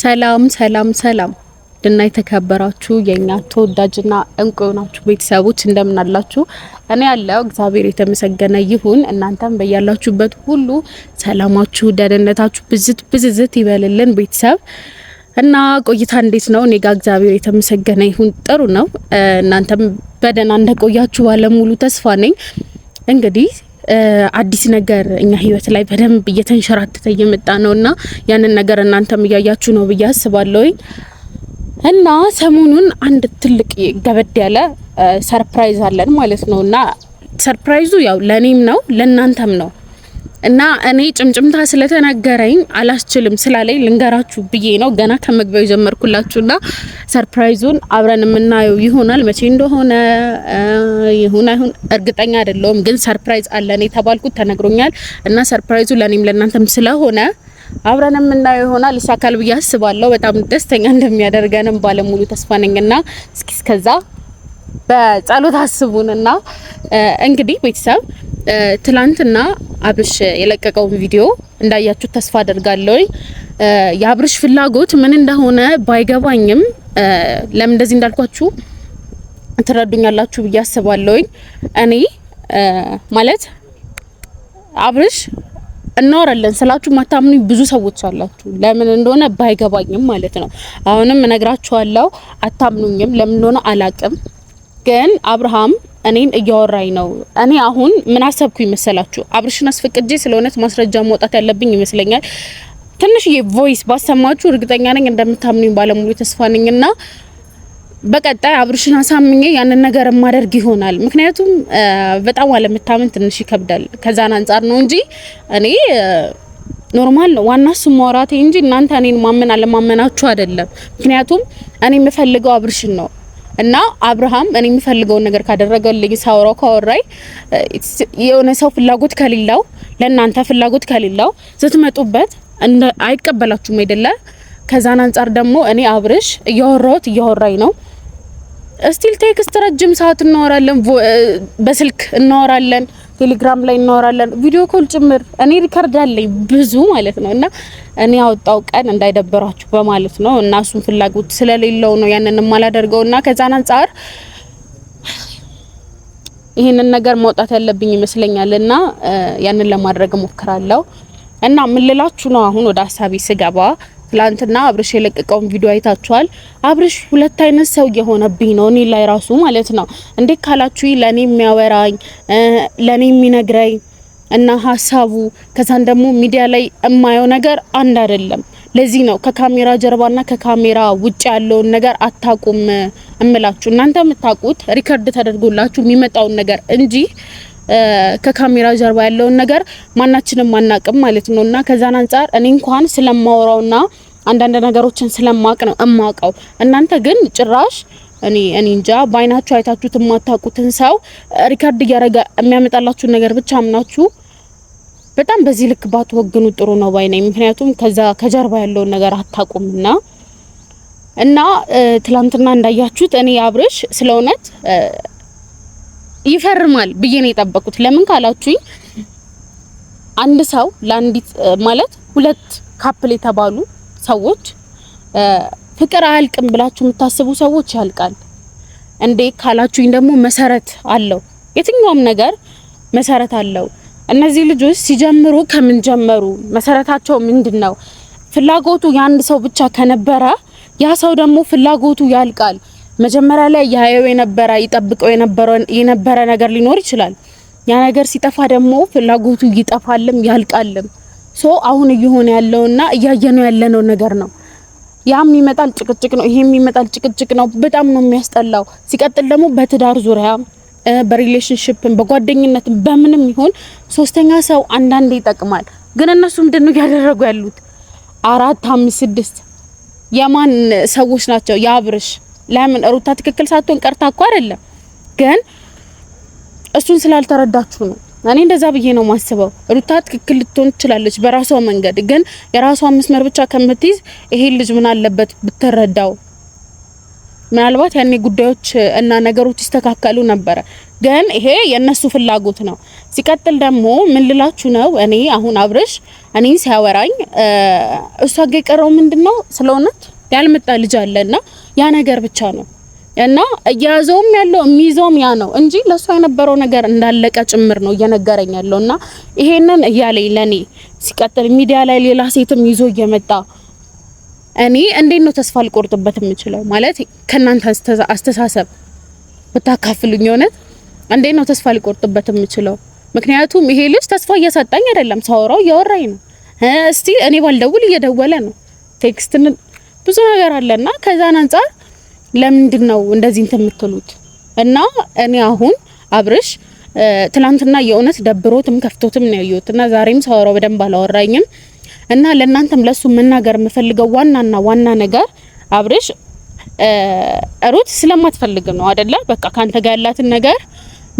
ሰላም ሰላም ሰላም ድና የተከበራችሁ የኛ ተወዳጅና እንቁ የሆናችሁ ቤተሰቦች እንደምን አላችሁ? እኔ ያለው እግዚአብሔር የተመሰገነ ይሁን። እናንተም በያላችሁበት ሁሉ ሰላማችሁ፣ ደህንነታችሁ ብዝት ብዝዝት ይበልልን ቤተሰብ እና ቆይታ እንዴት ነው? እኔ ጋር እግዚአብሔር የተመሰገነ ይሁን ጥሩ ነው። እናንተም በደህና እንደቆያችሁ ባለሙሉ ተስፋ ነኝ። እንግዲህ አዲስ ነገር እኛ ህይወት ላይ በደንብ እየተንሸራተተ እየመጣ ነው እና ያንን ነገር እናንተም እያያችሁ ነው ብዬ አስባለሁኝ። እና ሰሞኑን አንድ ትልቅ ገበድ ያለ ሰርፕራይዝ አለን ማለት ነው እና ሰርፕራይዙ ያው ለእኔም ነው ለእናንተም ነው እና እኔ ጭምጭምታ ስለተነገረኝ አላስችልም ስላለኝ ልንገራችሁ ብዬ ነው ገና ከመግቢያው ጀመርኩላችሁና ሰርፕራይዙን አብረን የምናየው ይሆናል። መቼ እንደሆነ ይሁን አይሁን እርግጠኛ አይደለውም፣ ግን ሰርፕራይዝ አለን የተባልኩት ተነግሮኛል። እና ሰርፕራይዙ ለእኔም ለእናንተም ስለሆነ አብረን የምናየው ይሆናል። ይሳካል ብዬ አስባለሁ። በጣም ደስተኛ እንደሚያደርገንም ባለሙሉ ተስፋ ነኝና እስኪ እስከዛ በጸሎት አስቡንና እንግዲህ ቤተሰብ ትላንትና አብርሽ የለቀቀውን ቪዲዮ እንዳያችሁ ተስፋ አደርጋለሁ። የአብርሽ ፍላጎት ምን እንደሆነ ባይገባኝም ለምን እንደዚህ እንዳልኳችሁ ትረዱኛላችሁ ብዬ አስባለሁ እኔ ማለት አብርሽ እናወራለን ስላችሁ ማታምኑኝ ብዙ ሰዎች አላችሁ። ለምን እንደሆነ ባይገባኝም ማለት ነው። አሁንም እነግራችኋለሁ፣ አታምኑኝም። ለምን እንደሆነ አላቅም። ግን አብርሃም እኔን እያወራኝ ነው። እኔ አሁን ምን አሰብኩ ይመሰላችሁ? አብርሽን አስፈቅጄ ስለ እውነት ማስረጃ መውጣት ያለብኝ ይመስለኛል። ትንሽዬ ቮይስ ባሰማችሁ እርግጠኛ ነኝ እንደምታምኑኝ ባለሙሉ ተስፋ ነኝና በቀጣይ አብርሽን አሳምኜ ያንን ነገር ማደርግ ይሆናል። ምክንያቱም በጣም አለመታመን ትንሽ ይከብዳል። ከዛን አንጻር ነው እንጂ እኔ ኖርማል ነው ዋና እሱ ማውራቴ እንጂ እናንተ እኔን ማመን አለማመናችሁ አይደለም። ምክንያቱም እኔ የምፈልገው አብርሽን ነው። እና አብርሃም እኔ የምፈልገውን ነገር ካደረገልኝ ሳውራው ካወራይ የሆነ ሰው ፍላጎት ከሌለው ለእናንተ ፍላጎት ከሌለው ስትመጡበት አይቀበላችሁም አይደለ? ከዛን አንጻር ደግሞ እኔ አብርሽ እያወራሁት እያወራኝ ነው ስቲል ቴክስት ረጅም ሰዓት እናወራለን፣ በስልክ እናወራለን፣ ቴሌግራም ላይ እናወራለን፣ ቪዲዮ ኮል ጭምር እኔ ሪከርድ አለኝ ብዙ ማለት ነው። እና እኔ ያወጣው ቀን እንዳይደበራችሁ በማለት ነው። እና እሱን ፍላጎት ስለሌለው ነው ያንን የማላደርገው። እና ከዛን አንጻር ይህንን ነገር መውጣት ያለብኝ ይመስለኛል። እና ያንን ለማድረግ እሞክራለሁ። እና ምን ልላችሁ ነው አሁን ወደ ሀሳቤ ስገባ ትላንትና አብርሽ የለቀቀውን ቪዲዮ አይታችኋል። አብርሽ ሁለት አይነት ሰው የሆነብኝ ነው እኔ ላይ ራሱ ማለት ነው። እንዴት ካላችሁ ለኔ የሚያወራኝ ለኔ የሚነግረኝ እና ሀሳቡ ከዛን ደግሞ ሚዲያ ላይ የማየው ነገር አንድ አይደለም። ለዚህ ነው ከካሜራ ጀርባና ከካሜራ ውጭ ያለውን ነገር አታቁም እምላችሁ። እናንተ የምታውቁት ሪከርድ ተደርጎላችሁ የሚመጣውን ነገር እንጂ ከካሜራ ጀርባ ያለውን ነገር ማናችንም አናቅም ማለት ነው እና ከዛን አንጻር እኔ እንኳን ስለማወራውና አንዳንድ ነገሮችን ስለማቅ ነው እማውቀው። እናንተ ግን ጭራሽ እኔ እኔ እንጃ በአይናችሁ አይታችሁት የማታውቁትን ሰው ሪከርድ እያደረገ የሚያመጣላችሁን ነገር ብቻ አምናችሁ በጣም በዚህ ልክ ባትወግኑ ጥሩ ነው ባይ ምክንያቱም ከዛ ከጀርባ ያለውን ነገር አታውቁምና እና ትላንትና እንዳያችሁት እኔ አብርሽ ስለ እውነት ይፈርማል ብዬ ነው የጠበቁት ለምን ካላችሁኝ አንድ ሰው ለአንዲት ማለት ሁለት ካፕል የተባሉ ሰዎች ፍቅር አያልቅም ብላችሁ የምታስቡ ሰዎች ያልቃል እንዴ ካላችሁኝ ደግሞ መሰረት አለው። የትኛውም ነገር መሰረት አለው። እነዚህ ልጆች ሲጀምሩ ከምን ጀመሩ? መሰረታቸው ምንድን ነው? ፍላጎቱ የአንድ ሰው ብቻ ከነበረ ያ ሰው ደግሞ ፍላጎቱ ያልቃል። መጀመሪያ ላይ ያየው የነበረ ይጠብቀው የነበረ ነገር ሊኖር ይችላል። ያ ነገር ሲጠፋ ደግሞ ፍላጎቱ ይጠፋልም ያልቃልም። ሶ አሁን እየሆነ ያለውና እያየነው ያለነው ነገር ነው። ያም ይመጣል ጭቅጭቅ ነው፣ ይሄም ይመጣል ጭቅጭቅ ነው። በጣም ነው የሚያስጠላው። ሲቀጥል ደግሞ በትዳር ዙሪያ በሪሌሽንሽፕን በጓደኝነትን በምንም ይሆን ሶስተኛ ሰው አንዳንዴ ይጠቅማል። ግን እነሱ ምንድነው እያደረጉ ያሉት? አራት አምስት ስድስት የማን ሰዎች ናቸው? የአብርሽ ለምን ሩታ ትክክል ሳትሆን ቀርታ እኮ አይደለም፣ ግን እሱን ስላልተረዳችሁ ነው። እኔ እንደዛ ብዬ ነው ማስበው። ሩታ ትክክል ልትሆን ትችላለች በራሷ መንገድ፣ ግን የራሷ መስመር ብቻ ከምትይዝ ይሄ ልጅ ምን አለበት ብትረዳው፣ ምናልባት ያኔ ጉዳዮች እና ነገሮች ይስተካከሉ ነበረ። ግን ይሄ የእነሱ ፍላጎት ነው። ሲቀጥል ደግሞ ምን ልላችሁ ነው፣ እኔ አሁን አብርሽ እኔ ሲያወራኝ እሷ ጋ የቀረው ምንድን ነው ስለሆነት ያልመጣ ልጅ አለና ያ ነገር ብቻ ነው እና እያያዘውም ያለው የሚይዘውም ያ ነው እንጂ ለእሷ የነበረው ነገር እንዳለቀ ጭምር ነው እየነገረኝ ያለው እና ይሄንን እያለኝ ለእኔ ሲቀጥል ሚዲያ ላይ ሌላ ሴትም ይዞ እየመጣ እኔ እንዴት ነው ተስፋ ልቆርጥበት የምችለው? ማለት ከእናንተ አስተሳሰብ ብታካፍሉኝ እውነት እንዴት ነው ተስፋ ሊቆርጥበት የምችለው? ምክንያቱም ይሄ ልጅ ተስፋ እየሰጠኝ አይደለም። ሳወራው እያወራኝ ነው። እስቲ እኔ ባልደውል እየደወለ ነው። ቴክስትን ብዙ ነገር አለና ከዛን አንጻር ለምንድን ነው እንደዚህ እንትን የምትሉት? እና እኔ አሁን አብርሽ ትላንትና የእውነት ደብሮትም ከፍቶትም ነው ያየሁት እና ዛሬም ሳወራው በደንብ አላወራኝም እና ለእናንተም ለሱ መናገር የምፈልገው ዋናና ዋና ነገር አብርሽ ሩት ስለማትፈልግ ነው አደለ? በቃ ካንተ ጋር ያላትን ነገር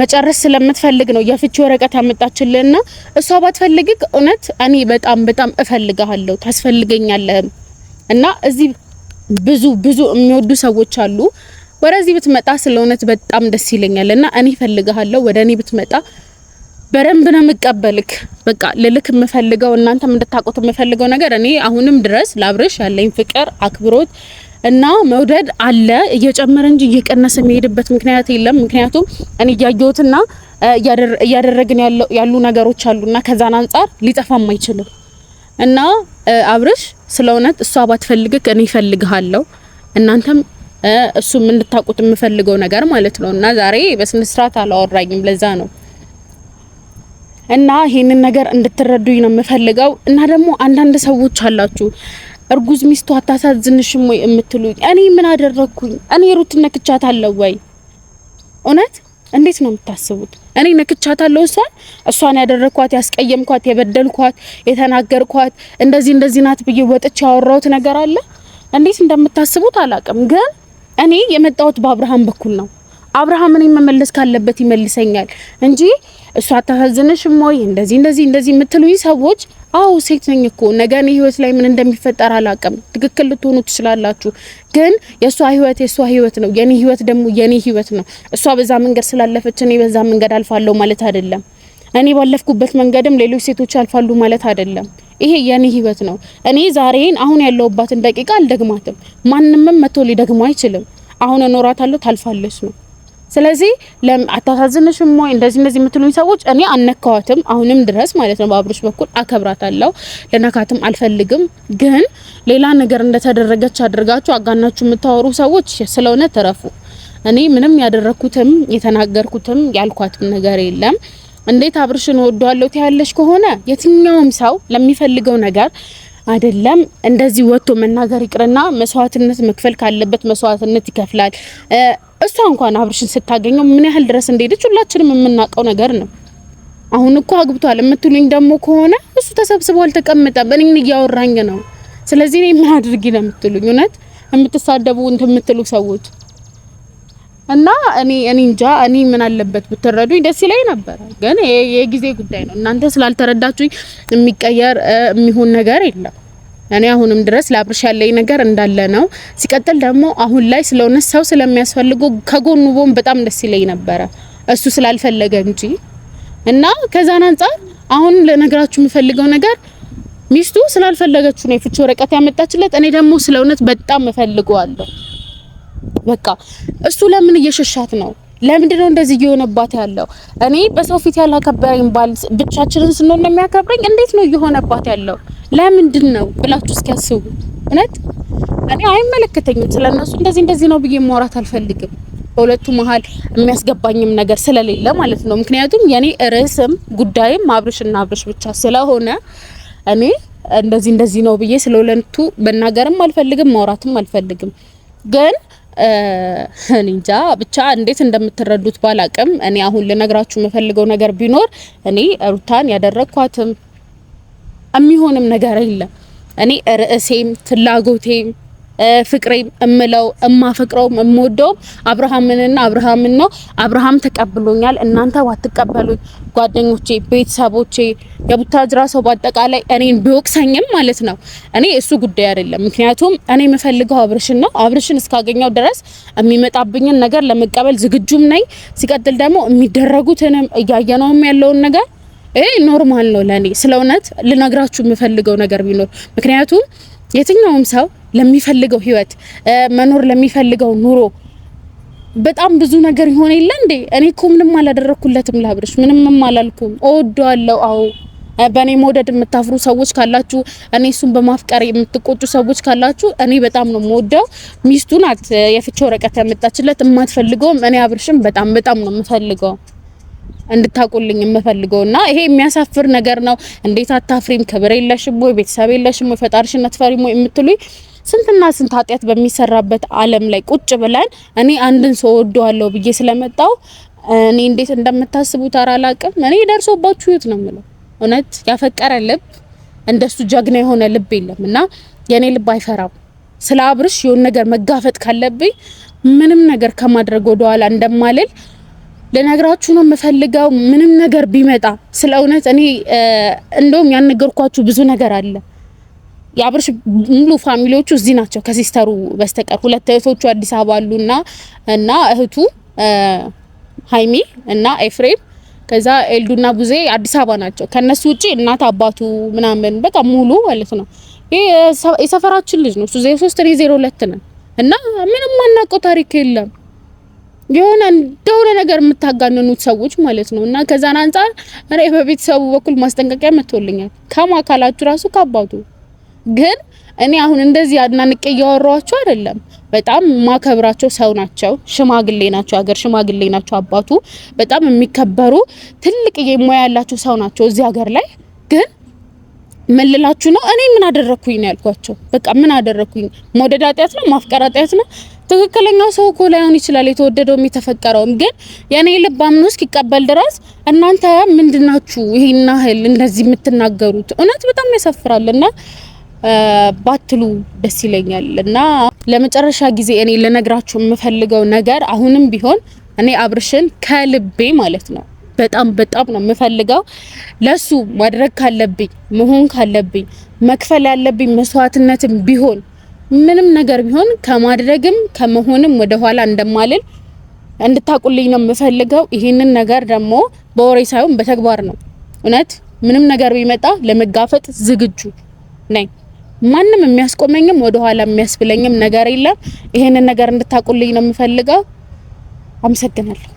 መጨረስ ስለምትፈልግ ነው የፍቺ ወረቀት ያመጣችልህና እሷ ባትፈልግህ እውነት እኔ በጣም በጣም እፈልግሃለሁ ታስፈልገኛለህም እና እዚህ ብዙ ብዙ የሚወዱ ሰዎች አሉ። ወደዚህ ብትመጣ ስለ እውነት በጣም ደስ ይለኛል እና እኔ ፈልግሃለሁ። ወደ እኔ ብትመጣ በደንብ ነው የምቀበልክ። በቃ ልልክ የምፈልገው እናንተም እንድታውቁት የምፈልገው ነገር እኔ አሁንም ድረስ ላብርሽ ያለኝ ፍቅር፣ አክብሮት እና መውደድ አለ እየጨመረ እንጂ እየቀነሰ የሚሄድበት ምክንያት የለም። ምክንያቱም እኔ እያየሁትና እያደረግን ያሉ ነገሮች አሉና ከዛን አንጻር ሊጠፋም አይችልም እና አብርሽ ስለ እውነት እሷ ባትፈልግክ እኔ እፈልግሃለሁ። እናንተም እሱም እንድታውቁት የምፈልገው ነገር ማለት ነው። እና ዛሬ በስነ ስርዓት አላወራኝም ለዛ ነው። እና ይህንን ነገር እንድትረዱኝ ነው የምፈልገው። እና ደግሞ አንዳንድ ሰዎች አላችሁ እርጉዝ ሚስቱ አታሳዝንሽም ወይ የምትሉኝ፣ እኔ ምን አደረግኩኝ? እኔ ሩት ነክቻታለሁ ወይ? እውነት እንዴት ነው የምታስቡት? እኔ ነክቻታለሁ እሷን እሷን ያደረግኳት ያስቀየምኳት የበደልኳት የተናገርኳት እንደዚህ እንደዚህ ናት ብዬ ወጥቼ ያወራሁት ነገር አለ። እንዴት እንደምታስቡት አላቅም፣ ግን እኔ የመጣሁት በአብርሃም በኩል ነው። አብርሃም እኔን መመለስ ካለበት ይመልሰኛል እንጂ እሷ አታሳዝንሽም ወይ እንደዚህ እንደዚህ እንደዚህ የምትሉኝ ሰዎች አዎ ሴት ነኝ እኮ ነገ እኔ ህይወት ላይ ምን እንደሚፈጠር አላውቅም። ትክክል ልትሆኑ ትችላላችሁ፣ ግን የእሷ ህይወት የእሷ ህይወት ነው፣ የኔ ህይወት ደግሞ የኔ ህይወት ነው። እሷ በዛ መንገድ ስላለፈች እኔ በዛ መንገድ አልፋለሁ ማለት አይደለም። እኔ ባለፍኩበት መንገድም ሌሎች ሴቶች ያልፋሉ ማለት አይደለም። ይሄ የኔ ህይወት ነው። እኔ ዛሬን አሁን ያለውባትን ደቂቃ አልደግማትም። ማንምም መቶ ሊደግሞ አይችልም። አሁን እኖራታለሁ፣ ታልፋለች ነው ስለዚህ አታሳዝንሽም ወይ እንደዚህ እንደዚህ የምትሉኝ ሰዎች እኔ አነካዋትም፣ አሁንም ድረስ ማለት ነው። በአብሮች በኩል አከብራታለሁ፣ ለነካትም አልፈልግም። ግን ሌላ ነገር እንደተደረገች አድርጋችሁ አጋናችሁ የምታወሩ ሰዎች ስለ እውነት እኔ ምንም ያደረኩትም የተናገርኩትም ያልኳትም ነገር የለም። እንዴት አብርሽን ወዷለሁ ትያለሽ ከሆነ የትኛውም ሰው ለሚፈልገው ነገር አይደለም እንደዚህ ወጥቶ መናገር ይቅርና መስዋዕትነት መክፈል ካለበት መስዋዕትነት ይከፍላል። እሷ እንኳን አብርሽን ስታገኘው ምን ያህል ድረስ እንደሄደች ሁላችንም የምናውቀው ነገር ነው። አሁን እኮ አግብቷል የምትሉኝ ደግሞ ከሆነ እሱ ተሰብስቦ አልተቀመጠም፣ እኔን እያወራኝ ነው። ስለዚህ እኔ ምን አድርጊ ነው የምትሉኝ? እውነት የምትሳደቡ እንትን የምትሉ ሰዎች እና እኔ እኔ እንጃ እኔ ምን አለበት ብትረዱኝ ደስ ይለኝ ነበር፣ ግን የጊዜ ጉዳይ ነው። እናንተ ስላልተረዳችሁኝ የሚቀየር የሚሆን ነገር የለም። እኔ አሁንም ድረስ ላብርሽ ያለኝ ነገር እንዳለ ነው። ሲቀጥል ደግሞ አሁን ላይ ስለሆነ ሰው ስለሚያስፈልጉ ከጎኑ ቦን በጣም ደስ ይለኝ ነበረ እሱ ስላልፈለገ እንጂ እና ከዛን አንጻር አሁን ለነገራችሁ የምፈልገው ነገር ሚስቱ ስላልፈለገችው ነው የፍቺ ወረቀት ያመጣችለት። እኔ ደግሞ ስለ እውነት በጣም እፈልገዋለሁ። በቃ እሱ ለምን እየሸሻት ነው? ለምንድን ነው እንደዚህ እየሆነባት ያለው? እኔ በሰው ፊት ያላከበረኝ ባል ብቻችንን ስንሆን ነው የሚያከብረኝ። እንዴት ነው እየሆነባት ያለው? ለምንድን ነው ብላችሁ እስኪያስቡ። እውነት እኔ አይመለከተኝም ስለነሱ እንደዚህ እንደዚህ ነው ብዬ ማውራት አልፈልግም። በሁለቱ መሀል የሚያስገባኝም ነገር ስለሌለ ማለት ነው። ምክንያቱም የኔ ርዕስም ጉዳይም እና አብርሽ ብቻ ስለሆነ እኔ እንደዚህ እንደዚህ ነው ብዬ ስለ ሁለቱ መናገርም አልፈልግም ማውራትም አልፈልግም። ግን እንጃ ብቻ እንዴት እንደምትረዱት ባላቅም እኔ አሁን ልነግራችሁ የምፈልገው ነገር ቢኖር እኔ ሩታን ያደረግኳትም የሚሆንም ነገር የለም። እኔ ርዕሴም ፍላጎቴም ፍቅሬም እምለው እማፈቅረውም እምወደውም አብርሃምንና አብርሃምን ነው። አብርሃም ተቀብሎኛል። እናንተ ባትቀበሉኝ፣ ጓደኞቼ፣ ቤተሰቦቼ፣ የቡታጅራ ሰው በአጠቃላይ እኔን ቢወቅሰኝም ማለት ነው እኔ እሱ ጉዳይ አይደለም። ምክንያቱም እኔ የምፈልገው አብርሽን ነው። አብርሽን እስካገኘው ድረስ የሚመጣብኝን ነገር ለመቀበል ዝግጁም ነኝ። ሲቀጥል ደግሞ የሚደረጉትንም እያየነውም ያለውን ነገር ይሄ ኖርማል ነው ለኔ። ስለ እውነት ልነግራችሁ የምፈልገው ነገር ቢኖር ምክንያቱም የትኛውም ሰው ለሚፈልገው ህይወት መኖር ለሚፈልገው ኑሮ በጣም ብዙ ነገር ይሆን የለ እንዴ? እኔ እኮ ምንም አላደረኩለትም ምንም አላልኩም። እወደዋለሁ። አዎ በእኔ መውደድ የምታፍሩ ሰዎች ካላችሁ፣ እኔ እሱን በማፍቀር የምትቆጩ ሰዎች ካላችሁ፣ እኔ በጣም ነው የምወደው። ሚስቱ ናት የፍቺ ወረቀት ያመጣችለት፣ የማትፈልገውም እኔ አብርሽም በጣም በጣም ነው የምፈልገው። እንድታቁልኝ የምፈልገውና ይሄ የሚያሳፍር ነገር ነው። እንዴት አታፍሪም? ክብር የለሽም ወይ? ቤተሰብ የለሽም ወይ? ፈጣሪሽን አትፈሪም ወይ የምትሉኝ ስንትና ስንት ኃጢአት በሚሰራበት ዓለም ላይ ቁጭ ብለን እኔ አንድን ሰው ወደዋለሁ ብዬ ስለመጣው እኔ እንዴት እንደምታስቡት አላቅም። እኔ ደርሶባችሁ ይሁት ነው የምለው። እውነት ያፈቀረ ልብ እንደሱ ጀግና የሆነ ልብ የለም እና የኔ ልብ አይፈራም። ስለ አብርሽ የሆን ነገር መጋፈጥ ካለብኝ ምንም ነገር ከማድረግ ወደኋላ እንደማልል ልነግራችሁ ነው የምፈልገው። ምንም ነገር ቢመጣ ስለ እውነት እኔ እንደውም ያልነገርኳችሁ ብዙ ነገር አለ። የአብርሽ ሙሉ ፋሚሊዎቹ እዚህ ናቸው ከሲስተሩ በስተቀር ሁለት እህቶቹ አዲስ አበባ አሉና እና እህቱ ሀይሚ እና ኤፍሬም ከዛ ኤልዱና ቡዜ አዲስ አበባ ናቸው። ከነሱ ውጪ እናት አባቱ ምናምን በቃ ሙሉ ማለት ነው። ይሄ የሰፈራችን ልጅ ነው እሱ 03 እኔ 02 ነን እና ምንም አናውቀው ታሪክ የለም። የሆነ እንደሆነ ነገር የምታጋንኑት ሰዎች ማለት ነው። እና ከዛን አንጻር እኔ በቤተሰቡ በኩል ማስጠንቀቂያ መጥቶልኛል። ከማካላችሁ ራሱ ከአባቱ ግን እኔ አሁን እንደዚህ አድናንቄ እያወራኋቸው አይደለም። በጣም ማከብራቸው ሰው ናቸው። ሽማግሌ ናቸው፣ ሀገር ሽማግሌ ናቸው። አባቱ በጣም የሚከበሩ ትልቅ ሙያ ያላቸው ሰው ናቸው እዚህ ሀገር ላይ ግን ምን ልላችሁ ነው? እኔ ምን አደረኩኝ ነው ያልኳቸው። በቃ ምን አደረኩኝ? መውደድ ኃጢአት ነው? ማፍቀር ኃጢአት ነው? ትክክለኛው ሰው እኮ ላይሆን ይችላል የተወደደውም የተፈቀረውም። ግን የኔ ልብ አምኖ እስኪቀበል ድረስ እናንተ ምንድናችሁ ይሄን ያህል እንደዚህ የምትናገሩት? እውነት በጣም ያሳፍራል እና ባትሉ ደስ ይለኛል። እና ለመጨረሻ ጊዜ እኔ ልነግራችሁ የምፈልገው ነገር አሁንም ቢሆን እኔ አብርሽን ከልቤ ማለት ነው በጣም በጣም ነው የምፈልገው። ለሱ ማድረግ ካለብኝ መሆን ካለብኝ መክፈል ያለብኝ መስዋዕትነትም ቢሆን ምንም ነገር ቢሆን ከማድረግም ከመሆንም ወደኋላ እንደማልል እንድታቁልኝ ነው የምፈልገው። ይህንን ነገር ደግሞ በወሬ ሳይሆን በተግባር ነው። እውነት ምንም ነገር ቢመጣ ለመጋፈጥ ዝግጁ ነኝ። ማንም የሚያስቆመኝም ወደኋላ የሚያስብለኝም ነገር የለም። ይህንን ነገር እንድታቁልኝ ነው የምፈልገው። አመሰግናለሁ።